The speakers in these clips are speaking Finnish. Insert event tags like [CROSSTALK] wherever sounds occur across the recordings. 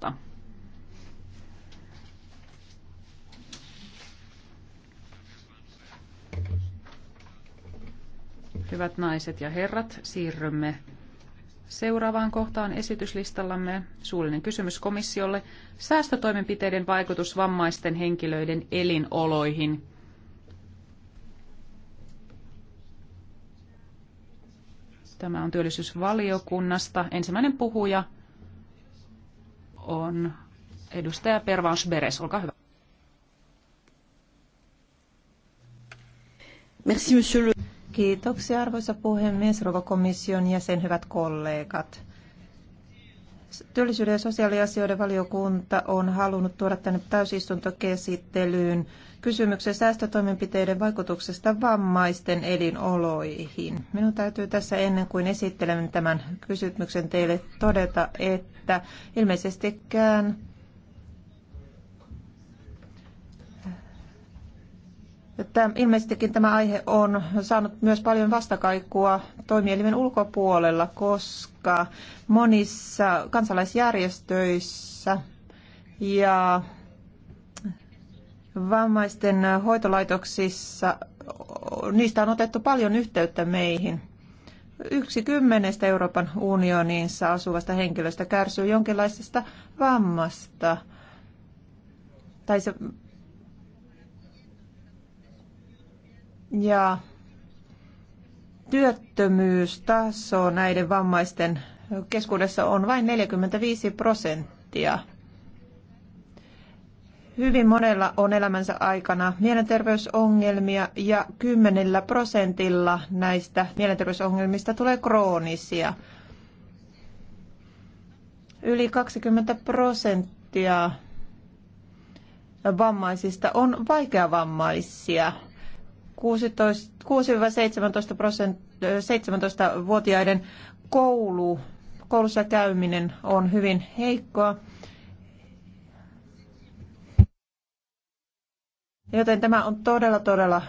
Ruotsista. Hyvät naiset ja herrat, siirrymme seuraavaan kohtaan esityslistallamme. Suullinen kysymys komissiolle. Säästötoimenpiteiden vaikutus vammaisten henkilöiden elinoloihin. Tämä on työllisyysvaliokunnasta. Ensimmäinen puhuja on edustaja Pervans Beres. Olkaa hyvä. Merci, monsieur le... Kiitoksia arvoisa puhemies, rouva komission jäsen, hyvät kollegat. Työllisyyden ja sosiaaliasioiden valiokunta on halunnut tuoda tänne täysistuntokäsittelyyn kysymyksen säästötoimenpiteiden vaikutuksesta vammaisten elinoloihin. Minun täytyy tässä ennen kuin esittelen tämän kysymyksen teille todeta, että ilmeisestikään Tämä, ilmeisestikin tämä aihe on saanut myös paljon vastakaikua toimielimen ulkopuolella, koska monissa kansalaisjärjestöissä ja vammaisten hoitolaitoksissa, niistä on otettu paljon yhteyttä meihin. Yksi kymmenestä Euroopan unioninsa asuvasta henkilöstä kärsii jonkinlaisesta vammasta. Tai se ja työttömyystaso näiden vammaisten keskuudessa on vain 45 prosenttia. Hyvin monella on elämänsä aikana mielenterveysongelmia ja kymmenellä prosentilla näistä mielenterveysongelmista tulee kroonisia. Yli 20 prosenttia vammaisista on vaikeavammaisia. 6-17 17-vuotiaiden koulu, koulussa käyminen on hyvin heikkoa. Joten tämä on todella, todella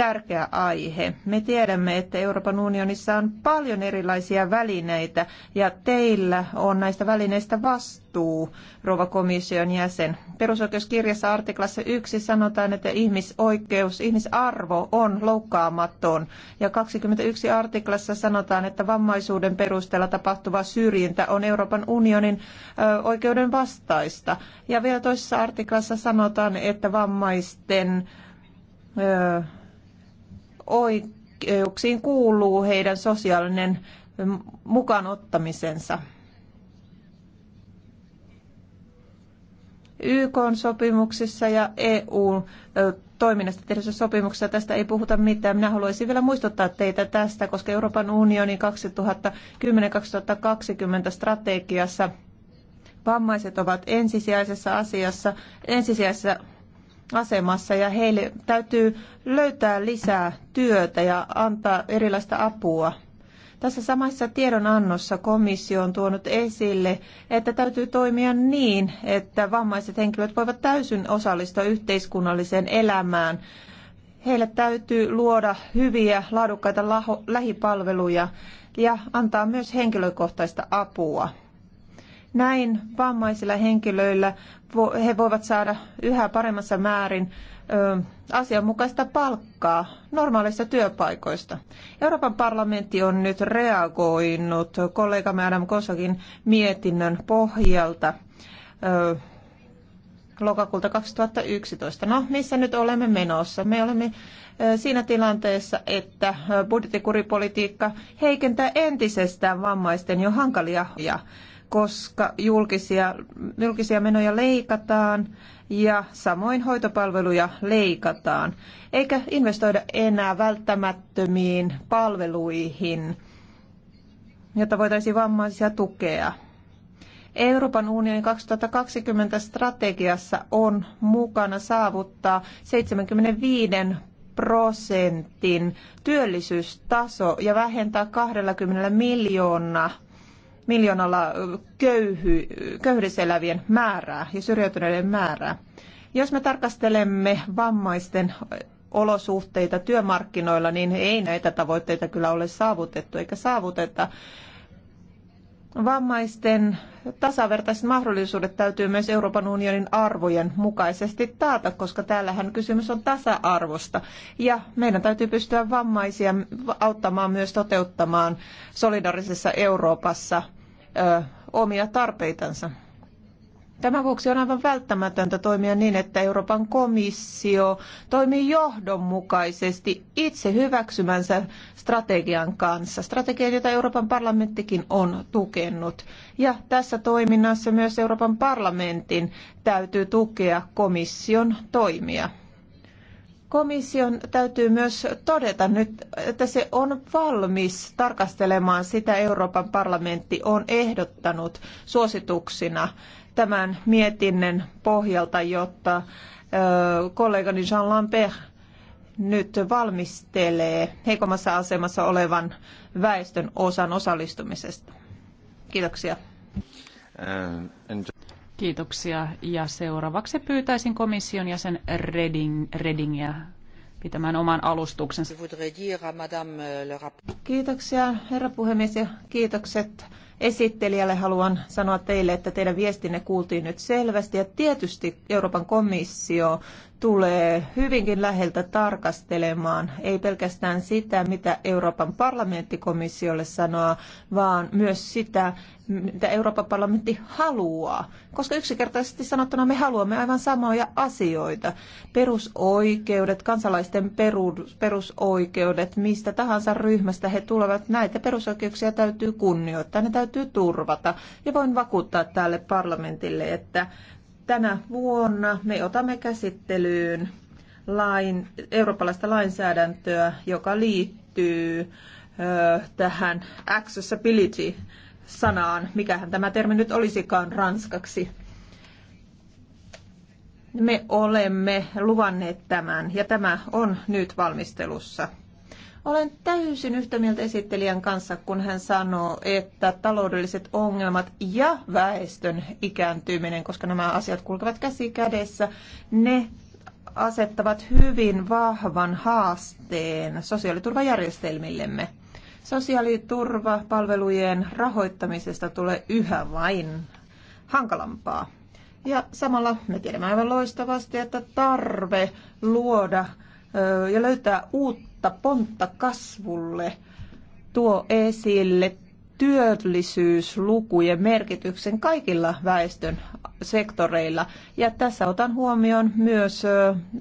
tärkeä aihe. Me tiedämme, että Euroopan unionissa on paljon erilaisia välineitä ja teillä on näistä välineistä vastuu, rouva komission jäsen. Perusoikeuskirjassa artiklassa 1 sanotaan, että ihmisoikeus, ihmisarvo on loukkaamaton ja 21 artiklassa sanotaan, että vammaisuuden perusteella tapahtuva syrjintä on Euroopan unionin oikeuden vastaista. Ja vielä toisessa artiklassa sanotaan, että vammaisten oikeuksiin kuuluu heidän sosiaalinen mukaanottamisensa. YK-sopimuksissa ja EU-toiminnasta tehdyssä sopimuksessa tästä ei puhuta mitään. Minä haluaisin vielä muistuttaa teitä tästä, koska Euroopan unionin 2010-2020 strategiassa vammaiset ovat ensisijaisessa asiassa, ensisijaisessa asemassa ja heille täytyy löytää lisää työtä ja antaa erilaista apua. Tässä samassa tiedonannossa komissio on tuonut esille, että täytyy toimia niin, että vammaiset henkilöt voivat täysin osallistua yhteiskunnalliseen elämään. Heille täytyy luoda hyviä, laadukkaita lähipalveluja ja antaa myös henkilökohtaista apua. Näin vammaisilla henkilöillä he voivat saada yhä paremmassa määrin asianmukaista palkkaa normaaleista työpaikoista. Euroopan parlamentti on nyt reagoinut kollegamme Adam Kosakin mietinnön pohjalta lokakuulta 2011. No, missä nyt olemme menossa? Me olemme siinä tilanteessa, että budjettikuripolitiikka heikentää entisestään vammaisten jo hankalia ja koska julkisia, julkisia menoja leikataan ja samoin hoitopalveluja leikataan, eikä investoida enää välttämättömiin palveluihin, jotta voitaisiin vammaisia tukea. Euroopan unionin 2020 strategiassa on mukana saavuttaa 75 prosentin työllisyystaso ja vähentää 20 miljoonaa miljoonalla köyhy, köyhyydessä elävien määrää ja syrjäytyneiden määrää. Jos me tarkastelemme vammaisten olosuhteita työmarkkinoilla, niin ei näitä tavoitteita kyllä ole saavutettu eikä saavuteta. Vammaisten tasavertaiset mahdollisuudet täytyy myös Euroopan unionin arvojen mukaisesti taata, koska täällähän kysymys on tasa-arvosta. Ja meidän täytyy pystyä vammaisia auttamaan myös toteuttamaan solidaarisessa Euroopassa ö, omia tarpeitansa. Tämän vuoksi on aivan välttämätöntä toimia niin, että Euroopan komissio toimii johdonmukaisesti itse hyväksymänsä strategian kanssa. Strategian, jota Euroopan parlamenttikin on tukenut. Ja tässä toiminnassa myös Euroopan parlamentin täytyy tukea komission toimia. Komission täytyy myös todeta nyt, että se on valmis tarkastelemaan sitä Euroopan parlamentti on ehdottanut suosituksina tämän mietinnön pohjalta, jotta kollegani Jean Lambert nyt valmistelee heikommassa asemassa olevan väestön osan osallistumisesta. Kiitoksia. Äh, Kiitoksia. Ja seuraavaksi pyytäisin komission jäsen Reding, Redingiä pitämään oman alustuksensa. Euh, Kiitoksia herra puhemies ja kiitokset esittelijälle haluan sanoa teille, että teidän viestinne kuultiin nyt selvästi ja tietysti Euroopan komissio tulee hyvinkin läheltä tarkastelemaan ei pelkästään sitä, mitä Euroopan parlamentti komissiolle sanoo, vaan myös sitä, mitä Euroopan parlamentti haluaa. Koska yksinkertaisesti sanottuna me haluamme aivan samoja asioita. Perusoikeudet, kansalaisten perusoikeudet, mistä tahansa ryhmästä he tulevat, näitä perusoikeuksia täytyy kunnioittaa, ne täytyy turvata. Ja voin vakuuttaa tälle parlamentille, että tänä vuonna me otamme käsittelyyn lain, eurooppalaista lainsäädäntöä, joka liittyy ö, tähän accessibility-sanaan. Mikähän tämä termi nyt olisikaan ranskaksi? Me olemme luvanneet tämän ja tämä on nyt valmistelussa. Olen täysin yhtä mieltä esittelijän kanssa, kun hän sanoo, että taloudelliset ongelmat ja väestön ikääntyminen, koska nämä asiat kulkevat käsi kädessä, ne asettavat hyvin vahvan haasteen sosiaaliturvajärjestelmillemme. Sosiaaliturvapalvelujen rahoittamisesta tulee yhä vain hankalampaa. Ja samalla me tiedämme aivan loistavasti, että tarve luoda ja löytää uutta uutta pontta kasvulle tuo esille työllisyyslukujen merkityksen kaikilla väestön sektoreilla. Ja tässä otan huomioon myös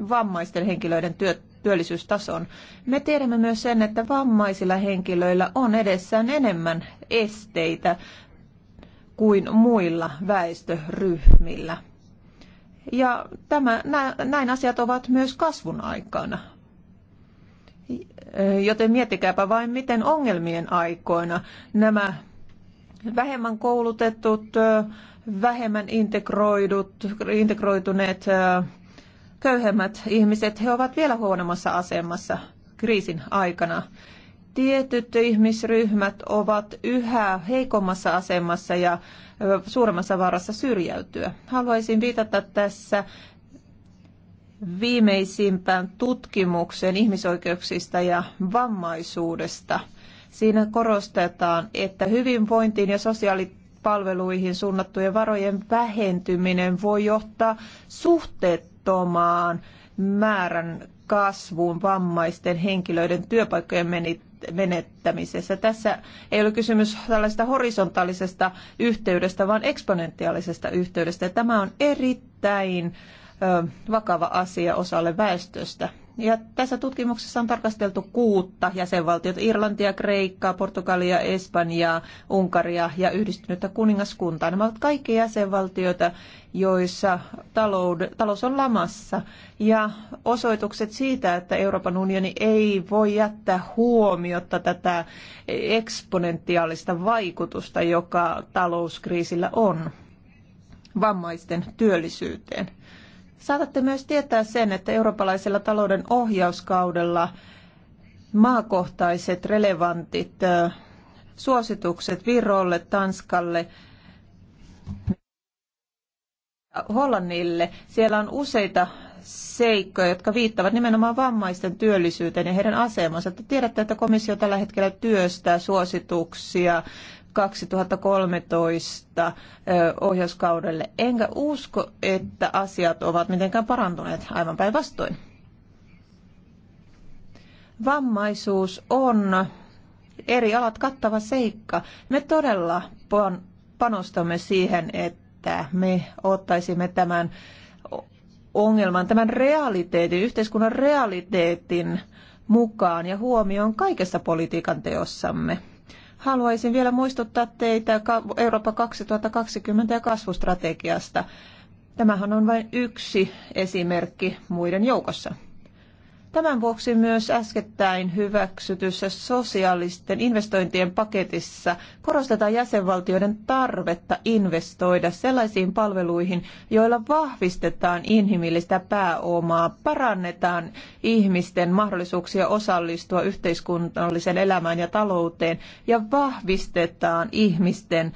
vammaisten henkilöiden työ, työllisyystason. Me tiedämme myös sen, että vammaisilla henkilöillä on edessään enemmän esteitä kuin muilla väestöryhmillä. Ja tämä, näin asiat ovat myös kasvun aikana. Joten miettikääpä vain, miten ongelmien aikoina nämä vähemmän koulutetut, vähemmän integroidut, integroituneet köyhemmät ihmiset, he ovat vielä huonommassa asemassa kriisin aikana. Tietyt ihmisryhmät ovat yhä heikommassa asemassa ja suuremmassa vaarassa syrjäytyä. Haluaisin viitata tässä viimeisimpään tutkimukseen ihmisoikeuksista ja vammaisuudesta. Siinä korostetaan, että hyvinvointiin ja sosiaalipalveluihin suunnattujen varojen vähentyminen voi johtaa suhteettomaan määrän kasvuun vammaisten henkilöiden työpaikkojen menettämisessä. Tässä ei ole kysymys tällaista horisontaalisesta yhteydestä, vaan eksponentiaalisesta yhteydestä. Tämä on erittäin vakava asia osalle väestöstä. Ja tässä tutkimuksessa on tarkasteltu kuutta jäsenvaltiota, Irlantia, Kreikkaa, Portugalia, Espanjaa, Unkaria ja yhdistynyttä kuningaskuntaa. Nämä ovat kaikki jäsenvaltioita, joissa talous on lamassa. Ja osoitukset siitä, että Euroopan unioni ei voi jättää huomiota tätä eksponentiaalista vaikutusta, joka talouskriisillä on vammaisten työllisyyteen. Saatatte myös tietää sen, että eurooppalaisella talouden ohjauskaudella maakohtaiset relevantit suositukset Virolle, Tanskalle, Hollannille. Siellä on useita seikkoja, jotka viittavat nimenomaan vammaisten työllisyyteen ja heidän asemansa. Te tiedätte, että komissio tällä hetkellä työstää suosituksia 2013 ohjauskaudelle, enkä usko, että asiat ovat mitenkään parantuneet aivan päinvastoin. Vammaisuus on eri alat kattava seikka. Me todella panostamme siihen, että me ottaisimme tämän ongelman, tämän realiteetin, yhteiskunnan realiteetin mukaan ja huomioon kaikessa politiikan teossamme. Haluaisin vielä muistuttaa teitä Eurooppa 2020 ja kasvustrategiasta. Tämähän on vain yksi esimerkki muiden joukossa. Tämän vuoksi myös äskettäin hyväksytyssä sosiaalisten investointien paketissa korostetaan jäsenvaltioiden tarvetta investoida sellaisiin palveluihin, joilla vahvistetaan inhimillistä pääomaa, parannetaan ihmisten mahdollisuuksia osallistua yhteiskunnalliseen elämään ja talouteen ja vahvistetaan ihmisten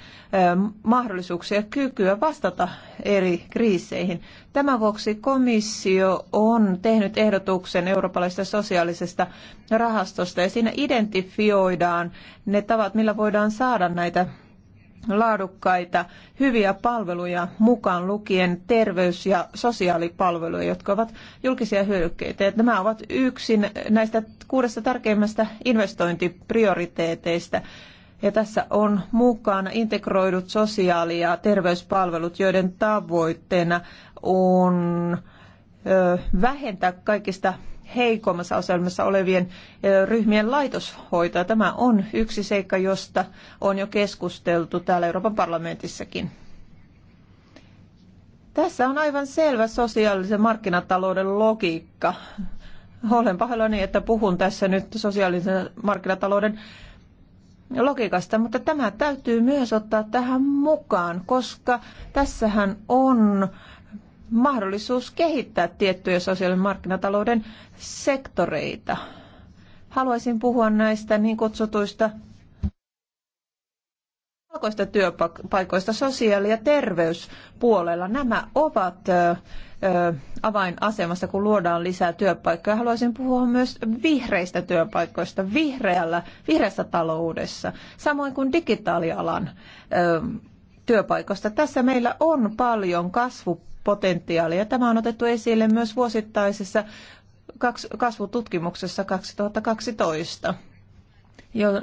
mahdollisuuksia ja kykyä vastata eri kriiseihin. Tämän vuoksi komissio on tehnyt ehdotuksen eurooppalaisesta sosiaalisesta rahastosta ja siinä identifioidaan ne tavat, millä voidaan saada näitä laadukkaita, hyviä palveluja mukaan lukien terveys- ja sosiaalipalveluja, jotka ovat julkisia hyödykkeitä. Nämä ovat yksin näistä kuudesta tärkeimmästä investointiprioriteeteista. Ja tässä on mukana integroidut sosiaali- ja terveyspalvelut, joiden tavoitteena on vähentää kaikista heikommassa asemassa olevien ryhmien laitoshoitoa. Tämä on yksi seikka, josta on jo keskusteltu täällä Euroopan parlamentissakin. Tässä on aivan selvä sosiaalisen markkinatalouden logiikka. Olen pahoillani, että puhun tässä nyt sosiaalisen markkinatalouden logiikasta, mutta tämä täytyy myös ottaa tähän mukaan, koska tässähän on mahdollisuus kehittää tiettyjä sosiaalisen markkinatalouden sektoreita. Haluaisin puhua näistä niin kutsutuista valkoista työpaikoista sosiaali- ja terveyspuolella. Nämä ovat avainasemassa, kun luodaan lisää työpaikkoja. Haluaisin puhua myös vihreistä työpaikoista, vihreällä, vihreässä taloudessa, samoin kuin digitaalialan työpaikoista. Tässä meillä on paljon kasvupotentiaalia. Tämä on otettu esille myös vuosittaisessa kasvututkimuksessa 2012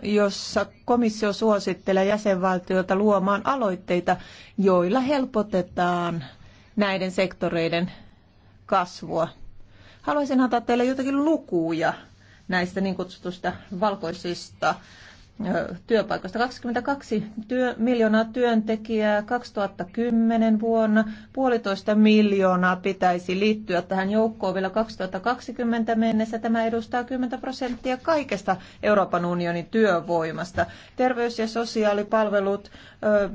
jossa komissio suosittelee jäsenvaltioita luomaan aloitteita, joilla helpotetaan näiden sektoreiden kasvua. Haluaisin antaa teille jotakin lukuja näistä niin kutsutusta valkoisista työpaikoista. 22 työ, miljoonaa työntekijää 2010 vuonna. Puolitoista miljoonaa pitäisi liittyä tähän joukkoon vielä 2020 mennessä. Tämä edustaa 10 prosenttia kaikesta Euroopan unionin työvoimasta. Terveys- ja sosiaalipalvelut, ö,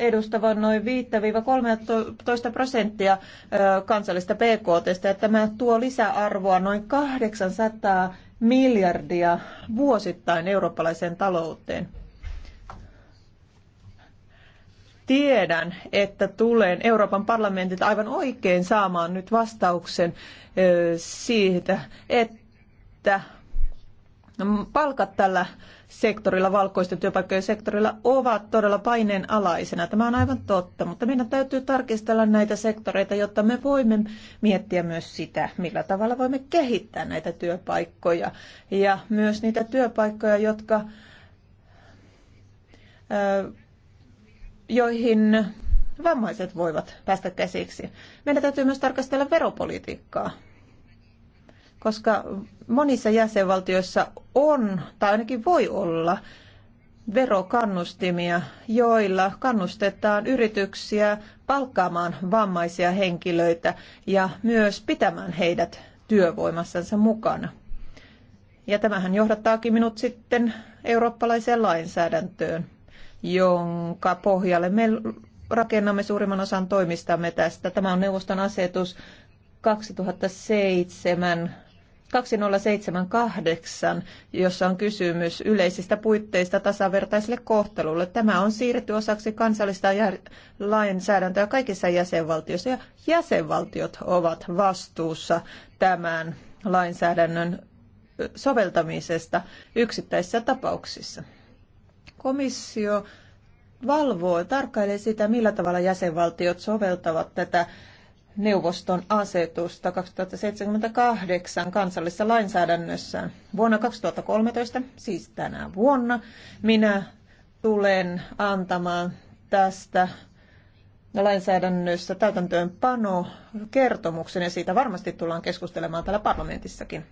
edustavan noin 5-13 prosenttia kansallista PKT, ja tämä tuo lisäarvoa noin 800 miljardia vuosittain eurooppalaiseen talouteen. Tiedän, että tulen Euroopan parlamentit aivan oikein saamaan nyt vastauksen siitä, että No, palkat tällä sektorilla, valkoisten työpaikkojen sektorilla, ovat todella paineen alaisena. Tämä on aivan totta, mutta meidän täytyy tarkistella näitä sektoreita, jotta me voimme miettiä myös sitä, millä tavalla voimme kehittää näitä työpaikkoja ja myös niitä työpaikkoja, jotka joihin vammaiset voivat päästä käsiksi. Meidän täytyy myös tarkastella veropolitiikkaa koska monissa jäsenvaltioissa on, tai ainakin voi olla, verokannustimia, joilla kannustetaan yrityksiä palkkaamaan vammaisia henkilöitä ja myös pitämään heidät työvoimassansa mukana. Ja tämähän johdattaakin minut sitten eurooppalaiseen lainsäädäntöön, jonka pohjalle me rakennamme suurimman osan toimistamme tästä. Tämä on neuvoston asetus 2007 2078, jossa on kysymys yleisistä puitteista tasavertaiselle kohtelulle. Tämä on siirretty osaksi kansallista lainsäädäntöä kaikissa jäsenvaltioissa ja jäsenvaltiot ovat vastuussa tämän lainsäädännön soveltamisesta yksittäisissä tapauksissa. Komissio valvoo, tarkkailee sitä, millä tavalla jäsenvaltiot soveltavat tätä neuvoston asetusta 2078 kansallisessa lainsäädännössä. Vuonna 2013, siis tänä vuonna, minä tulen antamaan tästä lainsäädännössä täytäntöönpano kertomuksen ja siitä varmasti tullaan keskustelemaan täällä parlamentissakin.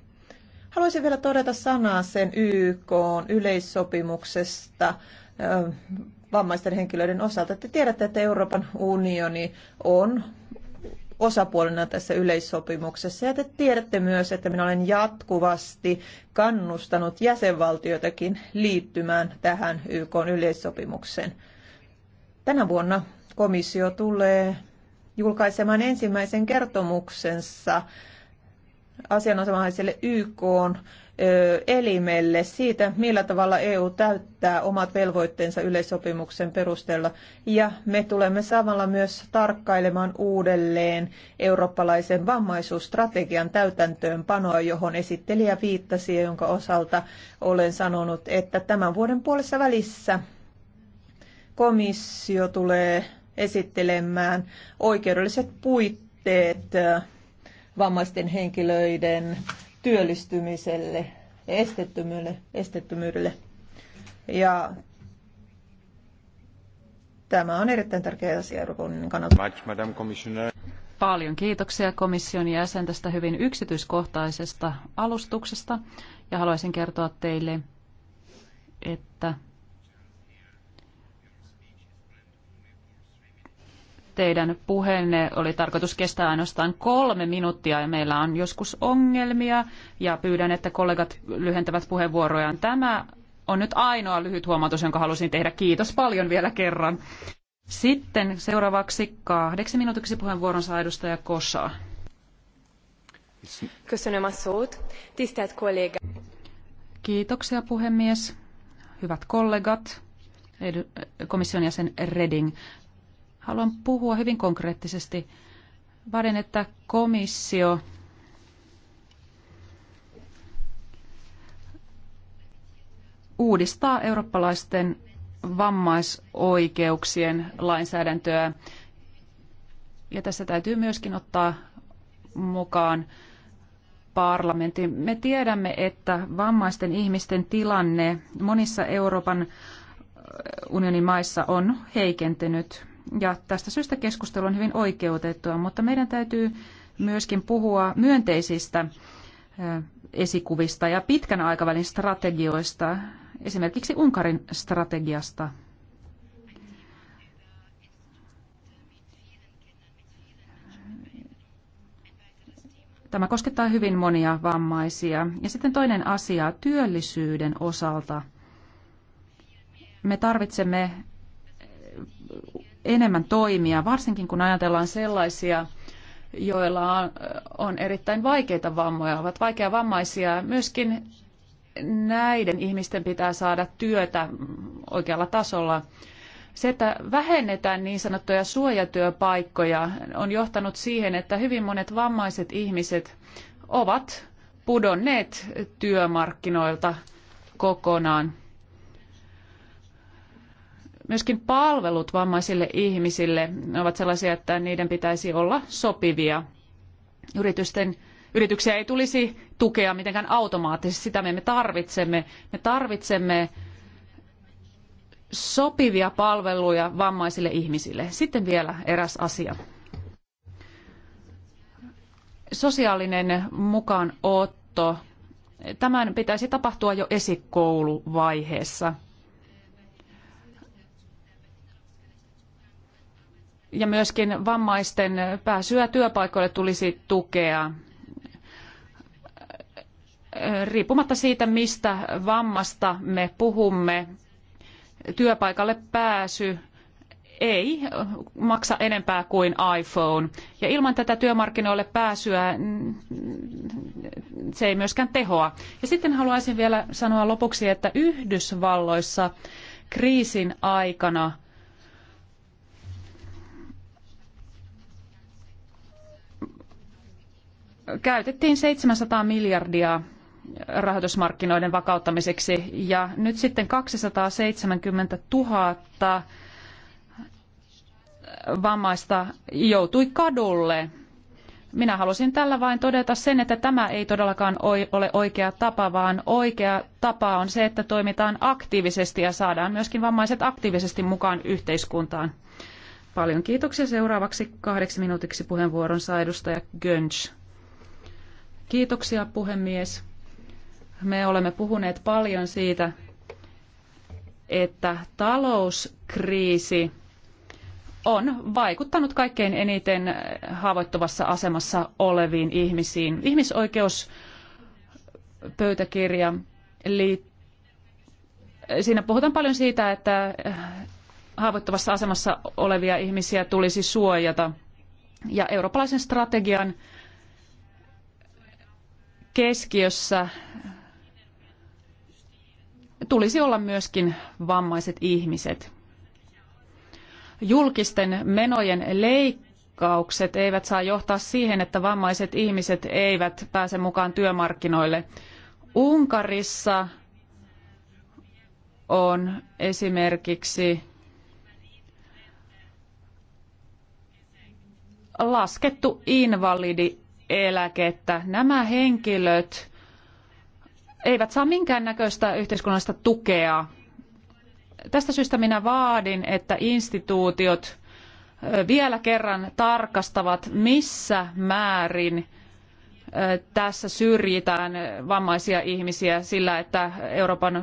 Haluaisin vielä todeta sanaa sen YK yleissopimuksesta vammaisten henkilöiden osalta. Te tiedätte, että Euroopan unioni on osapuolena tässä yleissopimuksessa. Ja te tiedätte myös, että minä olen jatkuvasti kannustanut jäsenvaltioitakin liittymään tähän YK yleissopimukseen. Tänä vuonna komissio tulee julkaisemaan ensimmäisen kertomuksensa asianosaiselle YK elimelle siitä, millä tavalla EU täyttää omat velvoitteensa yleissopimuksen perusteella. Ja me tulemme samalla myös tarkkailemaan uudelleen eurooppalaisen vammaisuusstrategian täytäntöönpanoa, johon esittelijä viittasi ja jonka osalta olen sanonut, että tämän vuoden puolessa välissä komissio tulee esittelemään oikeudelliset puitteet vammaisten henkilöiden työllistymiselle ja estettömyydelle. estettömyydelle. Ja tämä on erittäin tärkeä asia Euroopan unionin kannalta. Paljon kiitoksia komission jäsen tästä hyvin yksityiskohtaisesta alustuksesta ja haluaisin kertoa teille, että teidän puheenne oli tarkoitus kestää ainoastaan kolme minuuttia ja meillä on joskus ongelmia ja pyydän, että kollegat lyhentävät puheenvuorojaan. Tämä on nyt ainoa lyhyt huomautus, jonka halusin tehdä. Kiitos paljon vielä kerran. Sitten seuraavaksi kahdeksi minuutiksi puheenvuoron saa edustaja Kosa. Kiitoksia puhemies. Hyvät kollegat, komission jäsen Reding. Haluan puhua hyvin konkreettisesti. Vaadin, että komissio uudistaa eurooppalaisten vammaisoikeuksien lainsäädäntöä. Ja tässä täytyy myöskin ottaa mukaan parlamentti. Me tiedämme, että vammaisten ihmisten tilanne monissa Euroopan unionin maissa on heikentynyt ja tästä syystä keskustelu on hyvin oikeutettua, mutta meidän täytyy myöskin puhua myönteisistä esikuvista ja pitkän aikavälin strategioista, esimerkiksi Unkarin strategiasta. Tämä koskettaa hyvin monia vammaisia. Ja sitten toinen asia työllisyyden osalta. Me tarvitsemme enemmän toimia, varsinkin kun ajatellaan sellaisia, joilla on erittäin vaikeita vammoja, ovat vaikeavammaisia. Myöskin näiden ihmisten pitää saada työtä oikealla tasolla. Se, että vähennetään niin sanottuja suojatyöpaikkoja, on johtanut siihen, että hyvin monet vammaiset ihmiset ovat pudonneet työmarkkinoilta kokonaan. Myöskin palvelut vammaisille ihmisille ovat sellaisia, että niiden pitäisi olla sopivia. Yritysten, yrityksiä ei tulisi tukea mitenkään automaattisesti, sitä me emme tarvitsemme. Me tarvitsemme sopivia palveluja vammaisille ihmisille. Sitten vielä eräs asia. Sosiaalinen mukaanotto. Tämän pitäisi tapahtua jo esikouluvaiheessa – ja myöskin vammaisten pääsyä työpaikoille tulisi tukea riippumatta siitä, mistä vammasta me puhumme, työpaikalle pääsy ei maksa enempää kuin iPhone. Ja ilman tätä työmarkkinoille pääsyä se ei myöskään tehoa. Ja sitten haluaisin vielä sanoa lopuksi, että Yhdysvalloissa kriisin aikana – käytettiin 700 miljardia rahoitusmarkkinoiden vakauttamiseksi ja nyt sitten 270 000 vammaista joutui kadulle. Minä halusin tällä vain todeta sen, että tämä ei todellakaan ole oikea tapa, vaan oikea tapa on se, että toimitaan aktiivisesti ja saadaan myöskin vammaiset aktiivisesti mukaan yhteiskuntaan. Paljon kiitoksia. Seuraavaksi kahdeksi minuutiksi puheenvuoron saa edustaja Gönch. Kiitoksia puhemies. Me olemme puhuneet paljon siitä, että talouskriisi on vaikuttanut kaikkein eniten haavoittuvassa asemassa oleviin ihmisiin. Ihmisoikeuspöytäkirja, siinä puhutaan paljon siitä, että haavoittuvassa asemassa olevia ihmisiä tulisi suojata. Ja eurooppalaisen strategian keskiössä tulisi olla myöskin vammaiset ihmiset. Julkisten menojen leikkaukset eivät saa johtaa siihen, että vammaiset ihmiset eivät pääse mukaan työmarkkinoille. Unkarissa on esimerkiksi laskettu invalidi eläkettä. Nämä henkilöt eivät saa minkäännäköistä yhteiskunnallista tukea. Tästä syystä minä vaadin, että instituutiot vielä kerran tarkastavat, missä määrin tässä syrjitään vammaisia ihmisiä sillä, että Euroopan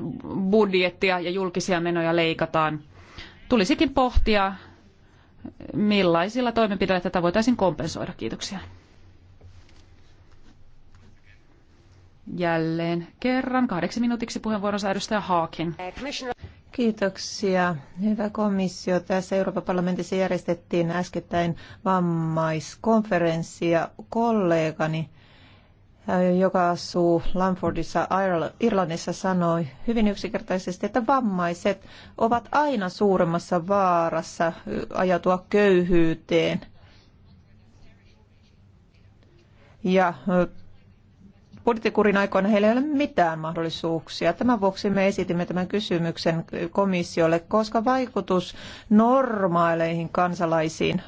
budjettia ja julkisia menoja leikataan. Tulisikin pohtia, millaisilla toimenpiteillä tätä voitaisiin kompensoida. Kiitoksia. jälleen kerran kahdeksi minuutiksi puheenvuoronsa edustaja Haakin. Kiitoksia. Hyvä komissio. Tässä Euroopan parlamentissa järjestettiin äskettäin vammaiskonferenssi ja kollegani, äh, joka asuu Lamfordissa Irlannissa, sanoi hyvin yksinkertaisesti, että vammaiset ovat aina suuremmassa vaarassa äh, ajatua köyhyyteen. Ja äh, budjettikurin aikoina heillä ei ole mitään mahdollisuuksia. Tämän vuoksi me esitimme tämän kysymyksen komissiolle, koska vaikutus normaaleihin kansalaisiin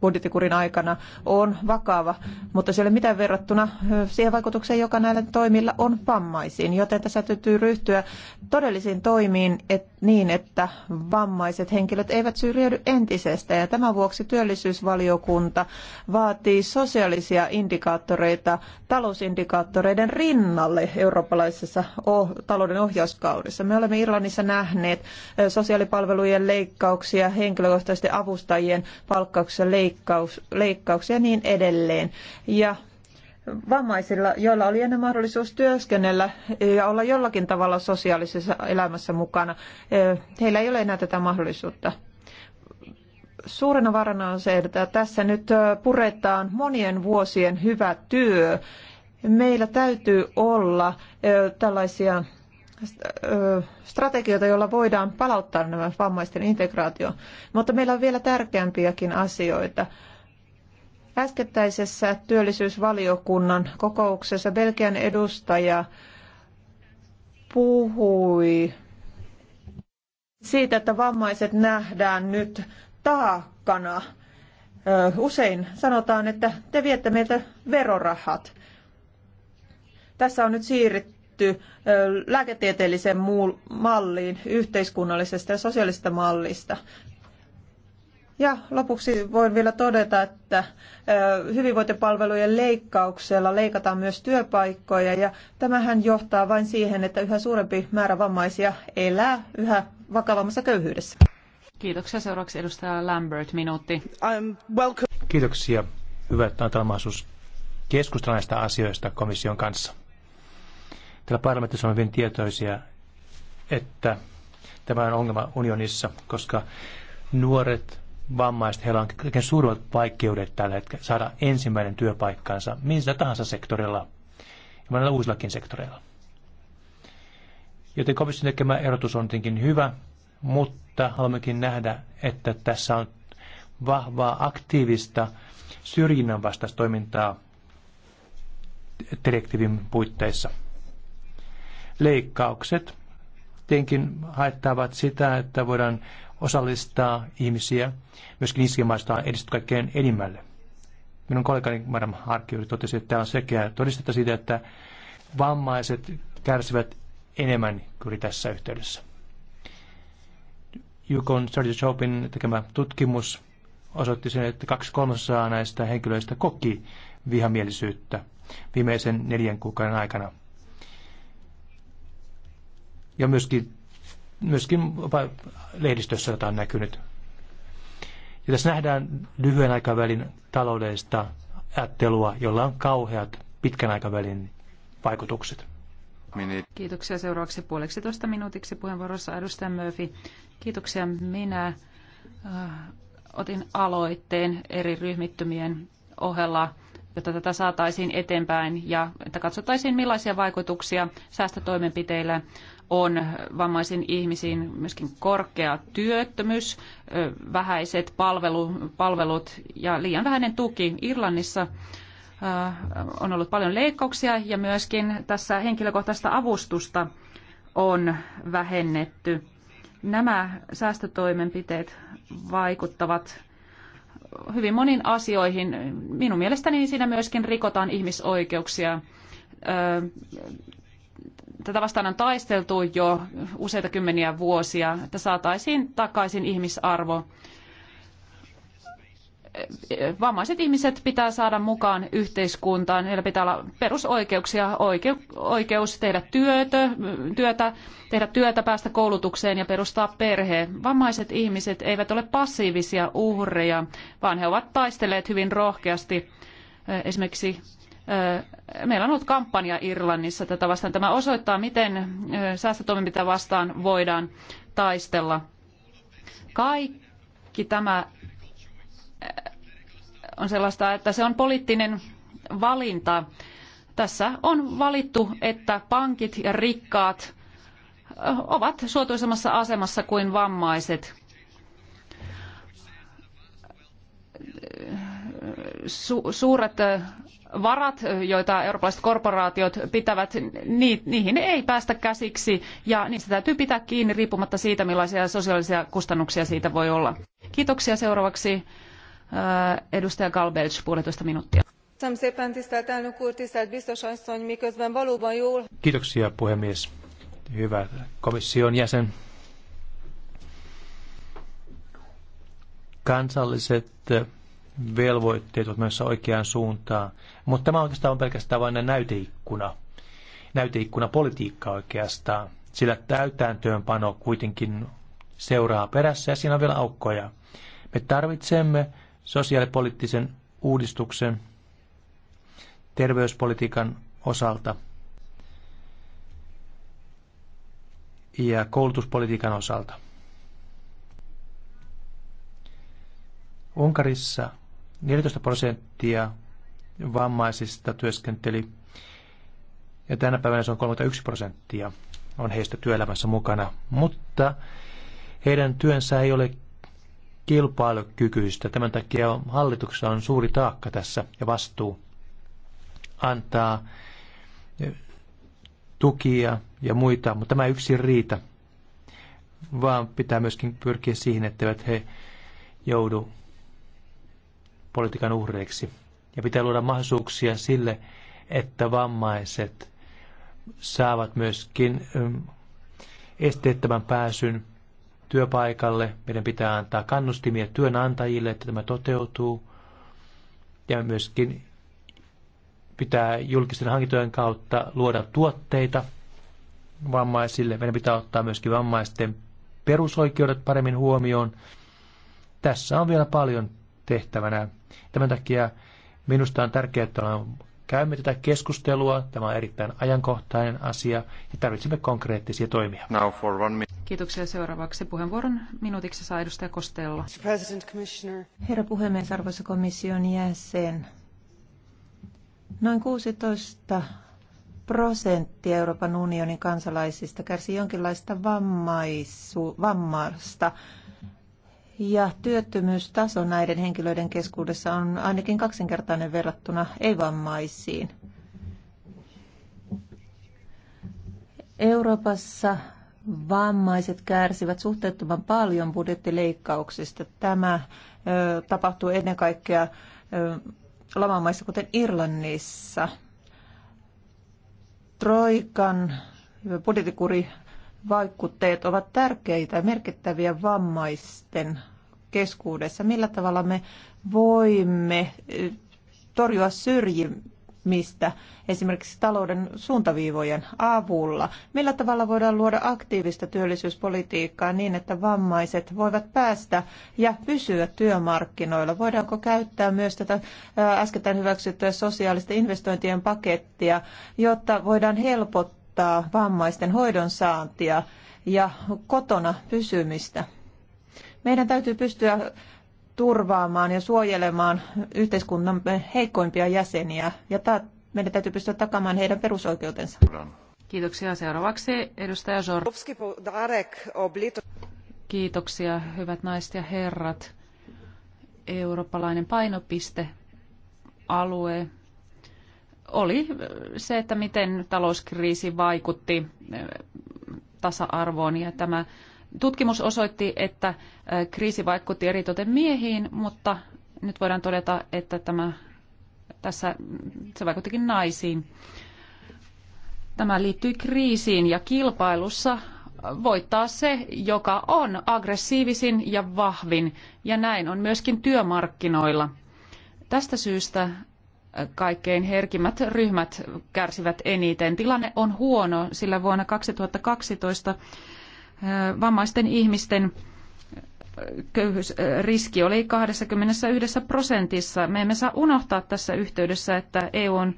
budjettikurin aikana on vakava, mutta se ei ole mitään verrattuna siihen vaikutukseen, joka näillä toimilla on vammaisiin. Joten tässä täytyy ryhtyä todellisiin toimiin et, niin, että vammaiset henkilöt eivät syrjäydy entisestä. Ja tämän vuoksi työllisyysvaliokunta vaatii sosiaalisia indikaattoreita talousindikaattoreiden rinnalle eurooppalaisessa talouden ohjauskaudessa. Me olemme Irlannissa nähneet sosiaalipalvelujen leikkauksia, henkilökohtaisten avustajien palkkauksen leikkauksia leikkaus, leikkauksia ja niin edelleen. Ja vammaisilla, joilla oli ennen mahdollisuus työskennellä ja olla jollakin tavalla sosiaalisessa elämässä mukana, heillä ei ole enää tätä mahdollisuutta. Suurena varana on se, että tässä nyt puretaan monien vuosien hyvä työ. Meillä täytyy olla tällaisia strategioita, joilla voidaan palauttaa nämä vammaisten integraatio. Mutta meillä on vielä tärkeämpiäkin asioita. Äskettäisessä työllisyysvaliokunnan kokouksessa Belgian edustaja puhui siitä, että vammaiset nähdään nyt taakkana. Usein sanotaan, että te viette meiltä verorahat. Tässä on nyt siirretty siirrytty lääketieteelliseen malliin yhteiskunnallisesta ja sosiaalisesta mallista. Ja lopuksi voin vielä todeta, että hyvinvointipalvelujen leikkauksella leikataan myös työpaikkoja ja tämähän johtaa vain siihen, että yhä suurempi määrä vammaisia elää yhä vakavammassa köyhyydessä. Kiitoksia. Seuraavaksi edustaja Lambert, minuutti. Kiitoksia. Hyvä, että on keskustella näistä asioista komission kanssa. Täällä parlamentissa on hyvin tietoisia, että tämä on ongelma unionissa, koska nuoret vammaiset, heillä on kaiken suurimmat vaikeudet tällä hetkellä saada ensimmäinen työpaikkaansa Missä tahansa sektorilla ja monella uusillakin sektoreilla. Joten komission tekemä erotus on tietenkin hyvä, mutta haluammekin nähdä, että tässä on vahvaa aktiivista syrjinnän vastaista toimintaa direktiivin puitteissa. Leikkaukset tietenkin haittaavat sitä, että voidaan osallistaa ihmisiä myöskin iskemaista edistetty kaikkein enimmälle. Minun kollegani Madame Harkiuri totesi, että tämä on sekä todistetta siitä, että vammaiset kärsivät enemmän kuin tässä yhteydessä. Yukon Sergio Chopin tekemä tutkimus osoitti sen, että kaksi kolmasosaa näistä henkilöistä koki vihamielisyyttä viimeisen neljän kuukauden aikana – ja myöskin, myöskin lehdistössä, jotain on näkynyt. Ja tässä nähdään lyhyen aikavälin taloudellista ajattelua, jolla on kauheat pitkän aikavälin vaikutukset. Kiitoksia seuraavaksi puoleksi toista minuutiksi puheenvuorossa edustaja Murphy. Kiitoksia. Minä äh, otin aloitteen eri ryhmittymien ohella jotta tätä saataisiin eteenpäin ja että katsottaisiin millaisia vaikutuksia säästötoimenpiteillä on vammaisiin ihmisiin myöskin korkea työttömyys, vähäiset palvelu, palvelut ja liian vähäinen tuki. Irlannissa on ollut paljon leikkauksia ja myöskin tässä henkilökohtaista avustusta on vähennetty. Nämä säästötoimenpiteet vaikuttavat hyvin moniin asioihin. Minun mielestäni siinä myöskin rikotaan ihmisoikeuksia. Tätä vastaan on taisteltu jo useita kymmeniä vuosia, että saataisiin takaisin ihmisarvo vammaiset ihmiset pitää saada mukaan yhteiskuntaan. Heillä pitää olla perusoikeuksia, oikeus tehdä työtä, työtä, tehdä työtä, päästä koulutukseen ja perustaa perhe. Vammaiset ihmiset eivät ole passiivisia uhreja, vaan he ovat taistelleet hyvin rohkeasti. Esimerkiksi eh, meillä on ollut kampanja Irlannissa tätä vastaan. Tämä osoittaa, miten eh, säästötoimenpiteitä vastaan voidaan taistella. Kaikki tämä on sellaista, että se on poliittinen valinta. Tässä on valittu, että pankit ja rikkaat ovat suotuisammassa asemassa kuin vammaiset. Su- suuret varat, joita eurooppalaiset korporaatiot pitävät, niihin ei päästä käsiksi ja niistä täytyy pitää kiinni riippumatta siitä, millaisia sosiaalisia kustannuksia siitä voi olla. Kiitoksia seuraavaksi Edustaja Galbelch, puolitoista minuuttia. Kiitoksia puhemies. Hyvä komission jäsen. Kansalliset velvoitteet ovat myös oikeaan suuntaan, mutta tämä oikeastaan on pelkästään vain näyteikkuna. Näyteikkuna politiikka oikeastaan, sillä täytäntöönpano kuitenkin seuraa perässä ja siinä on vielä aukkoja. Me tarvitsemme sosiaalipoliittisen uudistuksen terveyspolitiikan osalta ja koulutuspolitiikan osalta. Unkarissa 14 prosenttia vammaisista työskenteli ja tänä päivänä se on 31 prosenttia on heistä työelämässä mukana, mutta heidän työnsä ei ole kilpailukykyistä. Tämän takia hallituksella on suuri taakka tässä ja vastuu antaa tukia ja muita, mutta tämä yksin riitä, vaan pitää myöskin pyrkiä siihen, etteivät he joudu politiikan uhreiksi. Ja pitää luoda mahdollisuuksia sille, että vammaiset saavat myöskin mm, esteettömän pääsyn työpaikalle. Meidän pitää antaa kannustimia työnantajille, että tämä toteutuu. Ja myöskin pitää julkisten hankintojen kautta luoda tuotteita vammaisille. Meidän pitää ottaa myöskin vammaisten perusoikeudet paremmin huomioon. Tässä on vielä paljon tehtävänä. Tämän takia minusta on tärkeää, että käymme tätä keskustelua. Tämä on erittäin ajankohtainen asia ja tarvitsemme konkreettisia toimia. Now for one minute. Kiitoksia. Seuraavaksi puheenvuoron minuutiksi saa edustaja Kostello. Herra puhemies, arvoisa komission jäsen. Noin 16 prosenttia Euroopan unionin kansalaisista kärsii jonkinlaista vammaisu, vammasta. Ja työttömyystaso näiden henkilöiden keskuudessa on ainakin kaksinkertainen verrattuna ei-vammaisiin. Euroopassa vammaiset kärsivät suhteettoman paljon budjettileikkauksista. Tämä ö, tapahtuu ennen kaikkea lamamaissa, kuten Irlannissa. Troikan budjettikuri vaikutteet ovat tärkeitä, merkittäviä vammaisten keskuudessa. Millä tavalla me voimme torjua syrjimistä? mistä esimerkiksi talouden suuntaviivojen avulla. Millä tavalla voidaan luoda aktiivista työllisyyspolitiikkaa niin, että vammaiset voivat päästä ja pysyä työmarkkinoilla? Voidaanko käyttää myös tätä äsken hyväksyttyä sosiaalista investointien pakettia, jotta voidaan helpottaa vammaisten hoidon saantia ja kotona pysymistä? Meidän täytyy pystyä turvaamaan ja suojelemaan yhteiskunnan heikoimpia jäseniä ja ta- meidän täytyy pystyä takaamaan heidän perusoikeutensa. Kiitoksia. Seuraavaksi edustaja Zor. Kiitoksia, hyvät naiset ja herrat. Eurooppalainen painopiste, alue, oli se, että miten talouskriisi vaikutti eh, tasa-arvoon ja tämä Tutkimus osoitti, että kriisi vaikutti eritoten miehiin, mutta nyt voidaan todeta, että tämä, tässä se vaikuttikin naisiin. Tämä liittyy kriisiin ja kilpailussa voittaa se, joka on aggressiivisin ja vahvin, ja näin on myöskin työmarkkinoilla. Tästä syystä kaikkein herkimmät ryhmät kärsivät eniten. Tilanne on huono, sillä vuonna 2012 vammaisten ihmisten köyhyysriski oli 21 prosentissa. Me emme saa unohtaa tässä yhteydessä, että EU on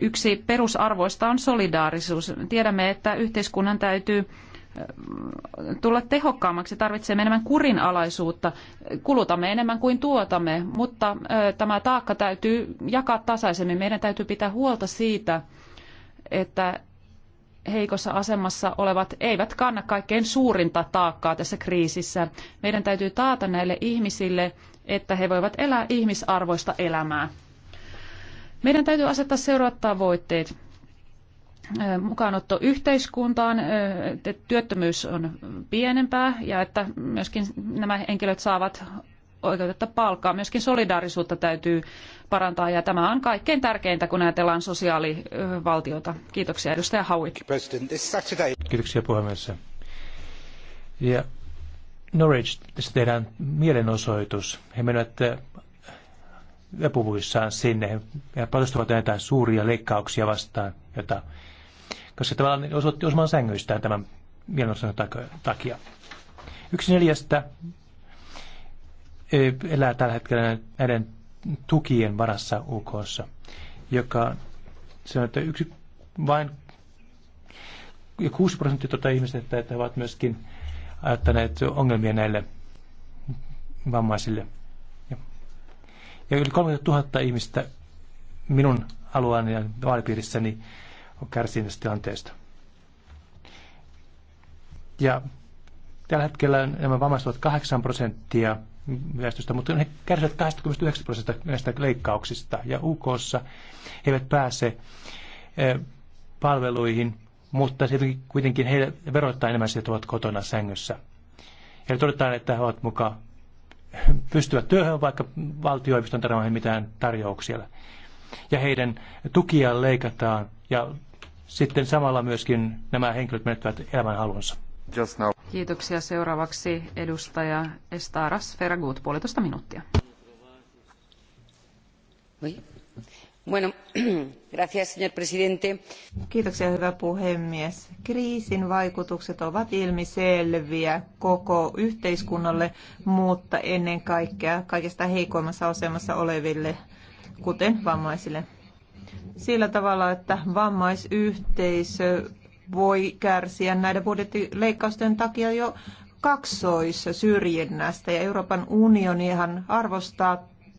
yksi perusarvoista on solidaarisuus. Tiedämme, että yhteiskunnan täytyy tulla tehokkaammaksi, tarvitsemme enemmän kurinalaisuutta, kulutamme enemmän kuin tuotamme, mutta tämä taakka täytyy jakaa tasaisemmin. Meidän täytyy pitää huolta siitä, että heikossa asemassa olevat eivät kanna kaikkein suurinta taakkaa tässä kriisissä. Meidän täytyy taata näille ihmisille, että he voivat elää ihmisarvoista elämää. Meidän täytyy asettaa seuraavat tavoitteet. Mukaanotto yhteiskuntaan, että työttömyys on pienempää ja että myöskin nämä henkilöt saavat oikeutetta palkkaa. Myöskin solidaarisuutta täytyy parantaa ja tämä on kaikkein tärkeintä, kun ajatellaan sosiaalivaltiota. Kiitoksia edustaja Howitt. Kiitoksia puhemies. Ja Norwich, tässä tehdään mielenosoitus. He menevät lepuvuissaan sinne ja protestoivat näitä suuria leikkauksia vastaan, jota, koska tavallaan osoitti osumaan sängyistään tämän mielenosoituksen takia. Yksi neljästä elää tällä hetkellä näiden tukien varassa UKssa, joka se on, että yksi vain 6 prosenttia tuota ihmistä, että, he ovat myöskin ajattaneet ongelmia näille vammaisille. Ja, ja yli 30 000 ihmistä minun alueeni ja vaalipiirissäni on kärsinyt tästä tilanteesta. Ja tällä hetkellä nämä vammaiset ovat 8 prosenttia – väestöstä, mutta he kärsivät 89 prosenttia näistä leikkauksista. Ja UKssa he eivät pääse palveluihin, mutta kuitenkin heille verottaa enemmän sitä, että ovat kotona sängyssä. Heille todetaan, että he ovat mukaan pystyvät työhön, vaikka valtio ei pystynyt tarjoamaan mitään tarjouksia. Ja heidän tukiaan leikataan ja sitten samalla myöskin nämä henkilöt menettävät elämänhalunsa. Just now. Kiitoksia. Seuraavaksi edustaja Estaras Ferragut, puolitoista minuuttia. Bueno, [CLEARS THROAT] gracias, señor presidente. Kiitoksia, hyvä puhemies. Kriisin vaikutukset ovat ilmiselviä koko yhteiskunnalle, mutta ennen kaikkea kaikista heikoimmassa asemassa oleville, kuten vammaisille. Sillä tavalla, että vammaisyhteisö voi kärsiä näiden budjettileikkausten takia jo kaksoissyrjinnästä ja Euroopan unionihan arvostaa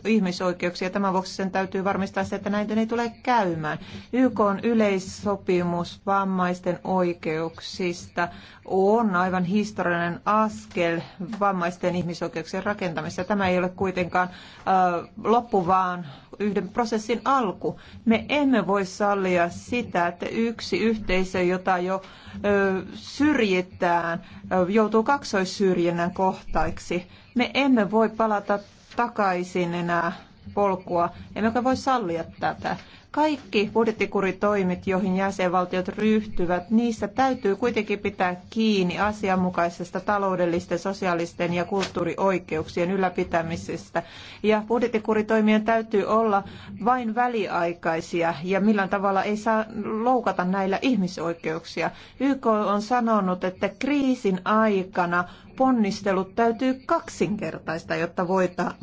ihmisoikeuksia. Tämän vuoksi sen täytyy varmistaa se, että näitä ei tule käymään. YK on yleissopimus vammaisten oikeuksista on aivan historiallinen askel vammaisten ihmisoikeuksien rakentamisessa. Tämä ei ole kuitenkaan äh, loppu, vaan yhden prosessin alku. Me emme voi sallia sitä, että yksi yhteisö, jota jo ö, syrjitään, joutuu kaksoissyrjinnän kohtaiksi. Me emme voi palata takaisin enää polkua. Emmekä voi sallia tätä. Kaikki budjettikuritoimet, joihin jäsenvaltiot ryhtyvät, niissä täytyy kuitenkin pitää kiinni asianmukaisesta taloudellisten, sosiaalisten ja kulttuurioikeuksien ylläpitämisestä. Ja budjettikuritoimien täytyy olla vain väliaikaisia ja millään tavalla ei saa loukata näillä ihmisoikeuksia. YK on sanonut, että kriisin aikana ponnistelut täytyy kaksinkertaista, jotta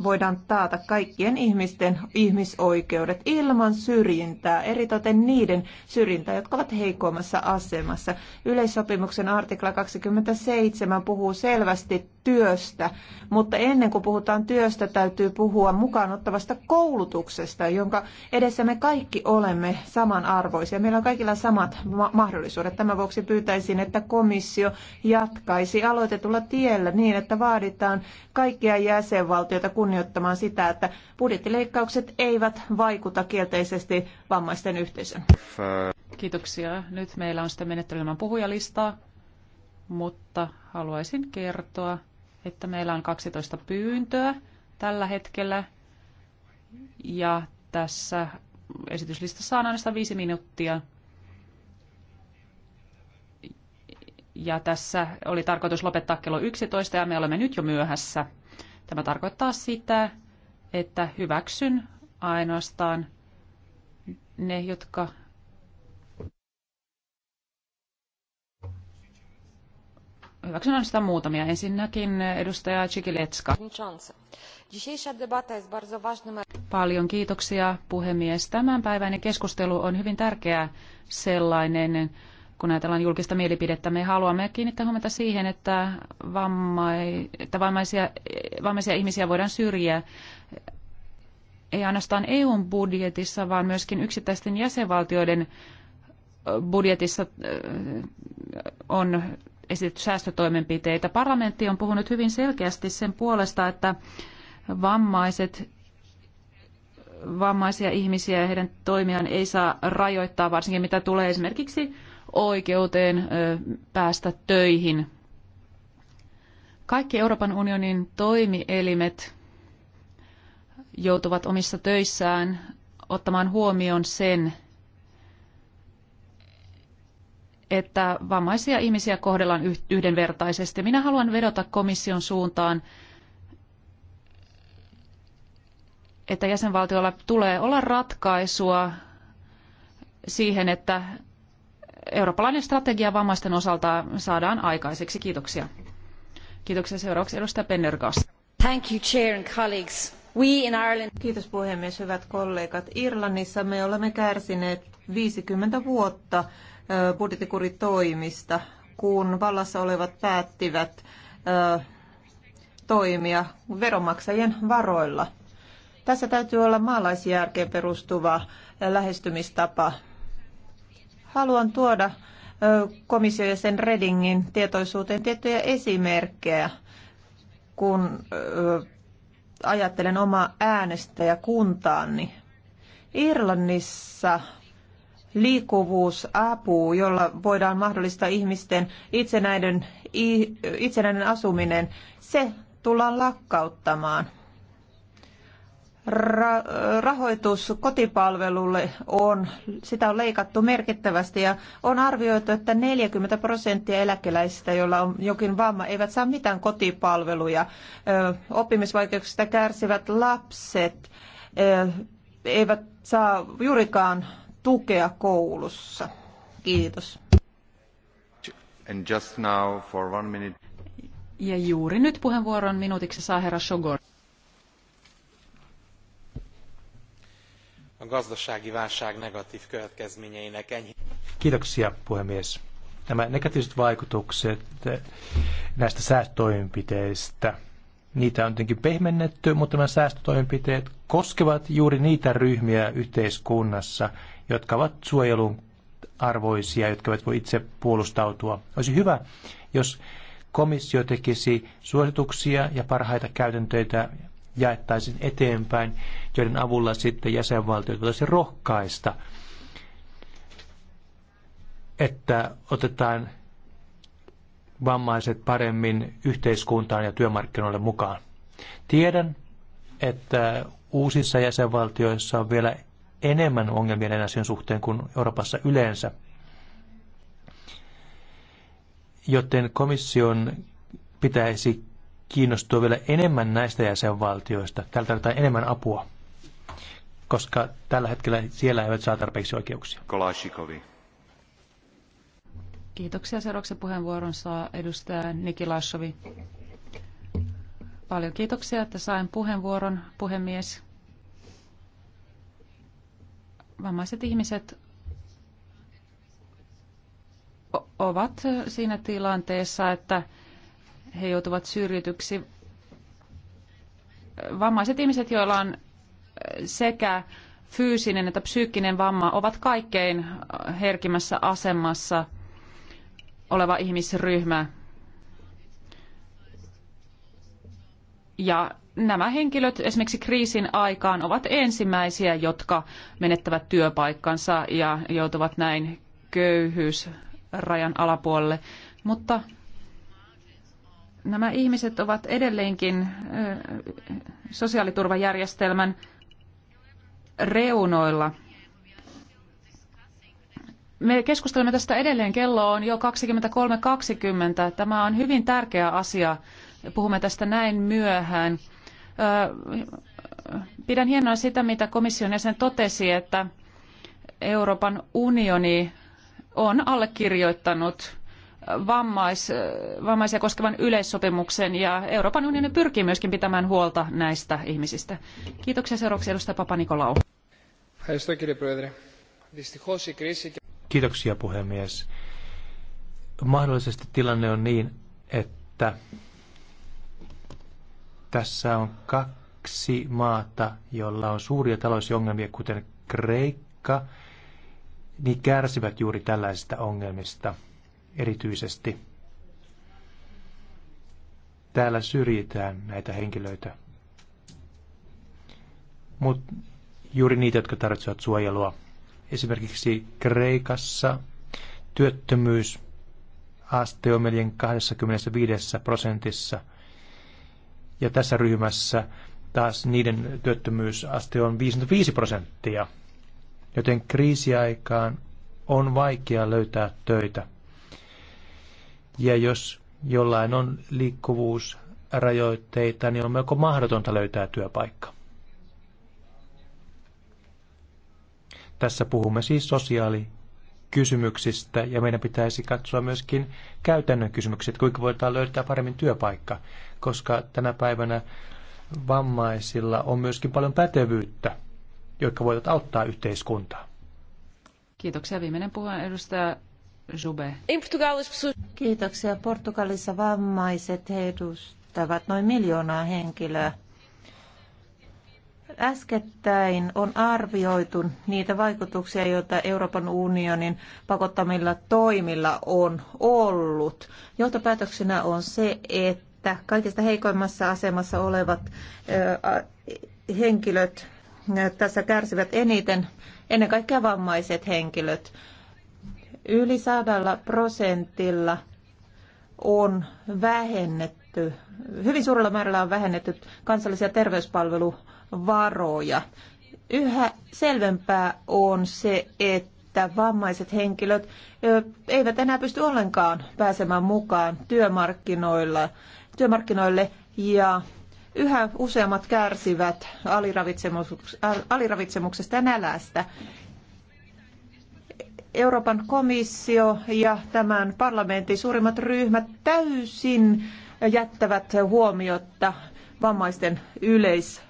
voidaan taata kaikkien ihmisten ihmisoikeudet ilman syrjintää syrjintää, eritoten niiden syrjintää, jotka ovat heikoimmassa asemassa. Yleissopimuksen artikla 27 puhuu selvästi työstä, mutta ennen kuin puhutaan työstä, täytyy puhua mukaanottavasta koulutuksesta, jonka edessä me kaikki olemme samanarvoisia. Meillä on kaikilla samat ma- mahdollisuudet. Tämän vuoksi pyytäisin, että komissio jatkaisi aloitetulla tiellä niin, että vaaditaan kaikkia jäsenvaltioita kunnioittamaan sitä, että budjettileikkaukset eivät vaikuta kielteisesti vammaisten yhteisön. Kiitoksia. Nyt meillä on sitä menettelemään puhujalistaa, mutta haluaisin kertoa, että meillä on 12 pyyntöä tällä hetkellä. Ja tässä esityslistassa on ainoastaan viisi minuuttia. Ja tässä oli tarkoitus lopettaa kello 11 ja me olemme nyt jo myöhässä. Tämä tarkoittaa sitä, että hyväksyn ainoastaan ne, jotka Hyväksyn ainoastaan muutamia. Ensinnäkin edustaja Chikiletska. Er- Paljon kiitoksia puhemies. Tämänpäiväinen keskustelu on hyvin tärkeä sellainen, kun ajatellaan julkista mielipidettä. Me haluamme kiinnittää huomiota siihen, että, vammai, että vammaisia, vammaisia ihmisiä voidaan syrjiä ei ainoastaan EUn budjetissa, vaan myöskin yksittäisten jäsenvaltioiden budjetissa on esitetty säästötoimenpiteitä. Parlamentti on puhunut hyvin selkeästi sen puolesta, että vammaiset vammaisia ihmisiä ja heidän toimiaan ei saa rajoittaa, varsinkin mitä tulee esimerkiksi oikeuteen päästä töihin. Kaikki Euroopan unionin toimielimet joutuvat omissa töissään ottamaan huomioon sen, että vammaisia ihmisiä kohdellaan yhdenvertaisesti. Minä haluan vedota komission suuntaan, että jäsenvaltiolla tulee olla ratkaisua siihen, että eurooppalainen strategia vammaisten osalta saadaan aikaiseksi. Kiitoksia. Kiitoksia seuraavaksi edustaja Pendergast. Thank you, chair and colleagues. We in Ireland... Kiitos puhemies, hyvät kollegat. Irlannissa me olemme kärsineet 50 vuotta budjettikuritoimista, kun vallassa olevat päättivät toimia veronmaksajien varoilla. Tässä täytyy olla maalaisjärkeen perustuva lähestymistapa. Haluan tuoda komissio ja sen Redingin tietoisuuteen tiettyjä esimerkkejä, kun ajattelen omaa äänestäjäkuntaani. Irlannissa liikkuvuusapu, jolla voidaan mahdollistaa ihmisten itsenäinen, itsenäinen asuminen, se tullaan lakkauttamaan ra- rahoitus kotipalvelulle on, sitä on leikattu merkittävästi ja on arvioitu, että 40 prosenttia eläkeläisistä, joilla on jokin vamma, eivät saa mitään kotipalveluja. oppimisvaikeuksista kärsivät lapset eivät saa juurikaan tukea koulussa. Kiitos. And just now for one minute. Ja juuri nyt puheenvuoron minuutiksi saa herra Shogor. a gazdasági válság negatív következményeinek enyhítésére. Kiitoksia, puhemies. Nämä negatiiviset vaikutukset eh, näistä säästötoimenpiteistä, niitä on tietenkin pehmennetty, mutta nämä säästötoimenpiteet koskevat juuri niitä ryhmiä yhteiskunnassa, jotka ovat suojelun arvoisia, jotka eivät voi itse puolustautua. Olisi hyvä, jos komissio tekisi suosituksia ja parhaita käytäntöitä jaettaisiin eteenpäin, joiden avulla sitten jäsenvaltiot voisi rohkaista, että otetaan vammaiset paremmin yhteiskuntaan ja työmarkkinoille mukaan. Tiedän, että uusissa jäsenvaltioissa on vielä enemmän ongelmia näiden asian suhteen kuin Euroopassa yleensä. Joten komission pitäisi kiinnostua vielä enemmän näistä jäsenvaltioista. Täällä tarvitaan enemmän apua, koska tällä hetkellä siellä eivät saa tarpeeksi oikeuksia. Kolashikovi. Kiitoksia. Seuraavaksi puheenvuoron saa edustaja Niki Lassovi. Paljon kiitoksia, että sain puheenvuoron, puhemies. Vammaiset ihmiset ovat siinä tilanteessa, että he joutuvat syrjityksi. Vammaiset ihmiset, joilla on sekä fyysinen että psyykkinen vamma, ovat kaikkein herkimmässä asemassa oleva ihmisryhmä. Ja nämä henkilöt esimerkiksi kriisin aikaan ovat ensimmäisiä, jotka menettävät työpaikkansa ja joutuvat näin köyhyysrajan alapuolelle. Mutta Nämä ihmiset ovat edelleenkin sosiaaliturvajärjestelmän reunoilla. Me keskustelemme tästä edelleen. Kello on jo 23.20. Tämä on hyvin tärkeä asia. Puhumme tästä näin myöhään. Pidän hienoa sitä, mitä komission jäsen totesi, että Euroopan unioni on allekirjoittanut vammais, vammaisia koskevan yleissopimuksen ja Euroopan unioni pyrkii myöskin pitämään huolta näistä ihmisistä. Kiitoksia seuraavaksi edustaja Papa Nikolaou. Kiitoksia puhemies. Mahdollisesti tilanne on niin, että tässä on kaksi maata, jolla on suuria taloudellisia ongelmia, kuten Kreikka, niin kärsivät juuri tällaisista ongelmista – erityisesti. Täällä syrjitään näitä henkilöitä. Mutta juuri niitä, jotka tarvitsevat suojelua. Esimerkiksi Kreikassa työttömyys aste on melkein 25 prosentissa. Ja tässä ryhmässä taas niiden työttömyysaste on 55 prosenttia. Joten kriisiaikaan on vaikea löytää töitä. Ja jos jollain on liikkuvuusrajoitteita, niin on melko mahdotonta löytää työpaikka. Tässä puhumme siis sosiaalikysymyksistä ja meidän pitäisi katsoa myöskin käytännön kysymykset, kuinka voidaan löytää paremmin työpaikka, koska tänä päivänä vammaisilla on myöskin paljon pätevyyttä, jotka voivat auttaa yhteiskuntaa. Kiitoksia. Viimeinen puhuja edustaja Jube. Kiitoksia. Portugalissa vammaiset edustavat noin miljoonaa henkilöä. Äskettäin on arvioitu niitä vaikutuksia, joita Euroopan unionin pakottamilla toimilla on ollut. Johtopäätöksenä on se, että kaikista heikoimmassa asemassa olevat henkilöt tässä kärsivät eniten, ennen kaikkea vammaiset henkilöt. Yli sadalla prosentilla on vähennetty, hyvin suurella määrällä on vähennetty kansallisia terveyspalveluvaroja. Yhä selvempää on se, että vammaiset henkilöt eivät enää pysty ollenkaan pääsemään mukaan työmarkkinoilla, työmarkkinoille ja yhä useammat kärsivät aliravitsemuksesta ja nälästä. Euroopan komissio ja tämän parlamentin suurimmat ryhmät täysin jättävät huomiotta vammaisten yleis,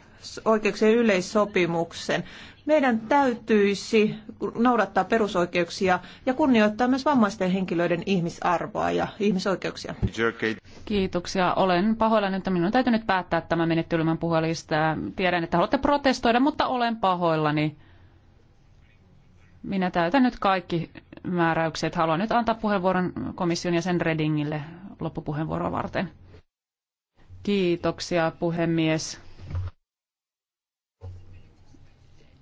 oikeuksien yleissopimuksen. Meidän täytyisi noudattaa perusoikeuksia ja kunnioittaa myös vammaisten henkilöiden ihmisarvoa ja ihmisoikeuksia. Kiitoksia. Olen pahoillani, että minun täytyy nyt päättää tämä menettelymän puhelista. Tiedän, että haluatte protestoida, mutta olen pahoillani. Minä täytän nyt kaikki määräykset. Haluan nyt antaa puheenvuoron komission ja sen Redingille loppupuheenvuoroa varten. Kiitoksia puhemies.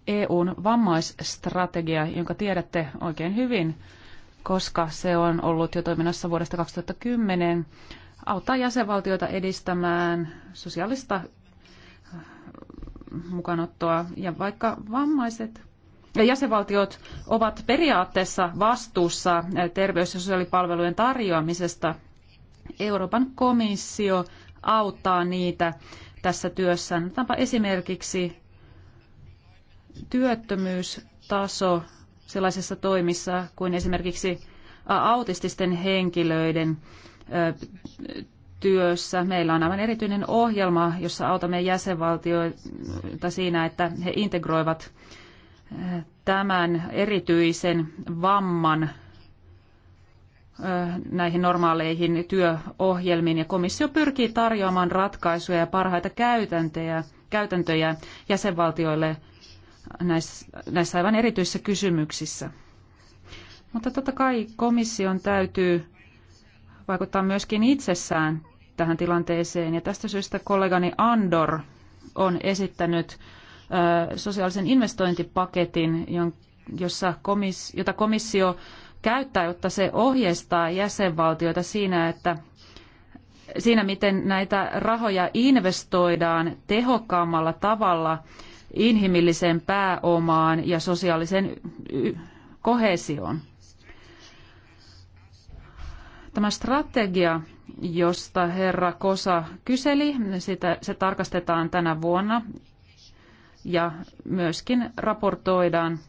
EUn vammaisstrategia, jonka tiedätte oikein hyvin, koska se on ollut jo toiminnassa vuodesta 2010, auttaa jäsenvaltioita edistämään sosiaalista mukanottoa. Ja vaikka vammaiset jäsenvaltiot ovat periaatteessa vastuussa eh, terveys- ja sosiaalipalvelujen tarjoamisesta. Euroopan komissio auttaa niitä tässä työssä. Otetaanpa esimerkiksi työttömyystaso sellaisissa toimissa kuin esimerkiksi autististen henkilöiden työssä. Meillä on aivan erityinen ohjelma, jossa autamme jäsenvaltioita siinä, että he integroivat tämän erityisen vamman näihin normaaleihin työohjelmiin ja komissio pyrkii tarjoamaan ratkaisuja ja parhaita käytäntöjä, käytäntöjä jäsenvaltioille näissä, näissä aivan erityisissä kysymyksissä. Mutta totta kai komission täytyy vaikuttaa myöskin itsessään tähän tilanteeseen ja tästä syystä kollegani Andor on esittänyt sosiaalisen investointipaketin, jossa komis, jota komissio käyttää, jotta se ohjeistaa jäsenvaltioita siinä, että siinä, miten näitä rahoja investoidaan tehokkaammalla tavalla inhimilliseen pääomaan ja sosiaaliseen kohesioon. Tämä strategia, josta herra Kosa kyseli, sitä, se tarkastetaan tänä vuonna ja myöskin raportoidaan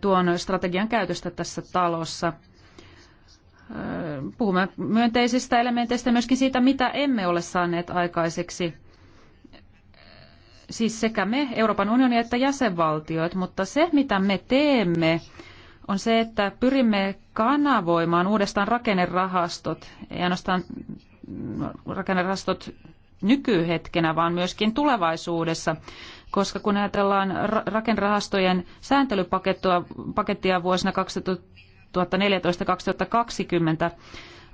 tuon strategian käytöstä tässä talossa. Puhumme myönteisistä elementeistä myöskin siitä, mitä emme ole saaneet aikaiseksi. Siis sekä me, Euroopan unioni että jäsenvaltiot, mutta se mitä me teemme on se, että pyrimme kanavoimaan uudestaan rakennerahastot, ei ainoastaan rakennerahastot nykyhetkenä, vaan myöskin tulevaisuudessa koska kun ajatellaan rakennerahastojen sääntelypakettia vuosina 2014-2020,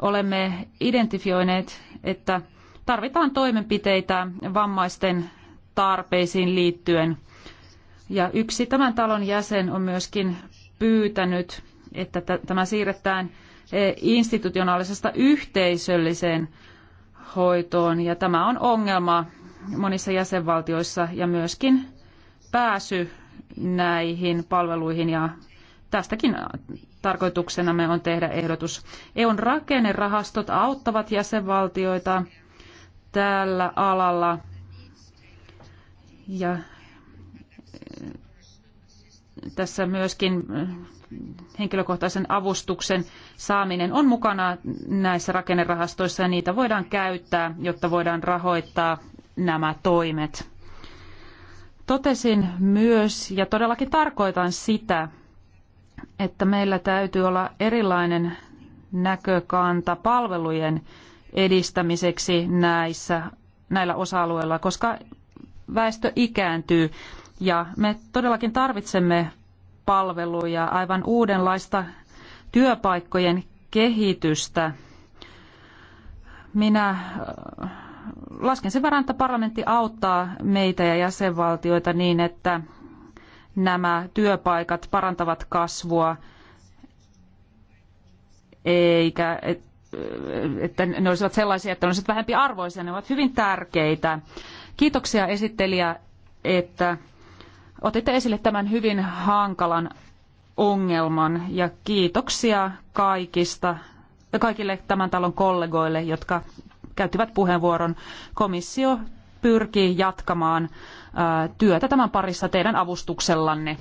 olemme identifioineet, että tarvitaan toimenpiteitä vammaisten tarpeisiin liittyen. Ja yksi tämän talon jäsen on myöskin pyytänyt, että tämä siirretään e, institutionaalisesta yhteisölliseen hoitoon. Ja tämä on ongelma, monissa jäsenvaltioissa ja myöskin pääsy näihin palveluihin ja tästäkin tarkoituksenamme on tehdä ehdotus. EUn rakennerahastot auttavat jäsenvaltioita tällä alalla ja e, tässä myöskin henkilökohtaisen avustuksen saaminen on mukana näissä rakennerahastoissa ja niitä voidaan käyttää, jotta voidaan rahoittaa nämä toimet. Totesin myös, ja todellakin tarkoitan sitä, että meillä täytyy olla erilainen näkökanta palvelujen edistämiseksi näissä, näillä osa-alueilla, koska väestö ikääntyy ja me todellakin tarvitsemme palveluja, aivan uudenlaista työpaikkojen kehitystä. Minä lasken sen verran, että parlamentti auttaa meitä ja jäsenvaltioita niin, että nämä työpaikat parantavat kasvua, eikä että ne olisivat sellaisia, että ne olisivat vähempi arvoisia, ne ovat hyvin tärkeitä. Kiitoksia esittelijä, että otitte esille tämän hyvin hankalan ongelman ja kiitoksia kaikista, kaikille tämän talon kollegoille, jotka käyttivät puheenvuoron. Komissio pyrkii jatkamaan työtä tämän parissa teidän avustuksellanne.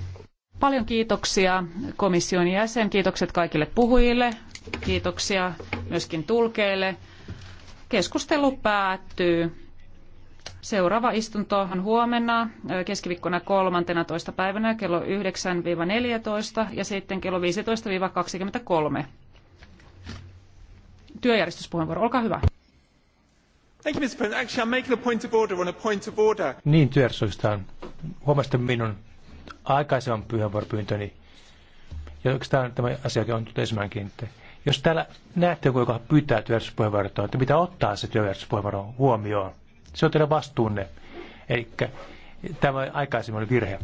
Paljon kiitoksia komission jäsen, kiitokset kaikille puhujille, kiitoksia myöskin tulkeille. Keskustelu päättyy. Seuraava istunto on huomenna keskiviikkona 13. päivänä kello 9-14 ja sitten kello 15-23. Työjärjestyspuheenvuoro, olkaa hyvä. Mr. President. Actually, I'm making a point of order on a point of order. Niin, työjärjestyksestähän. Huomasitte minun aikaisemman puheenvuoropyyntöni. Ja oikeastaan tämä asia on tullut ensimmäinenkin. Jos täällä näette joku, joka pyytää työjärjestyspuheenvuoroa, että mitä ottaa se työjärjestyspuheenvuoro huomioon. Se on teidän vastuunne. Eli tämä aikaisemmin oli virhe.